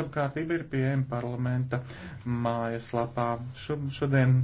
Darba kārtība ir pieejama parlamenta mājaslapā. Šo, šodien